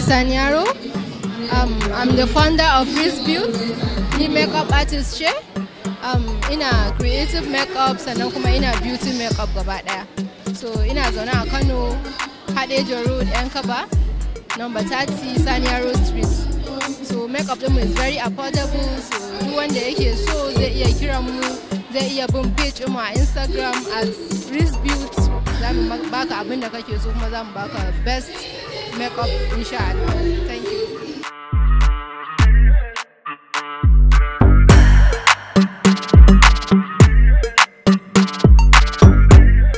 Sanyaro. Um, I'm the founder of this Build, the makeup artist ce. Um, a creative makeup sannan kuma a beauty makeup gaba daya. So ina zaune a Kano, Hadejo Road, 'yan kaba. number 30 Saniya Road Street. So makeup ɗinmu is very affordable so duk wanda yake so zai iya kiran mu zai iya bin page mu a Instagram as Riz Beauty. Za mu baka abin da kake so kuma za mu baka best makeup insha Allah. Thank you.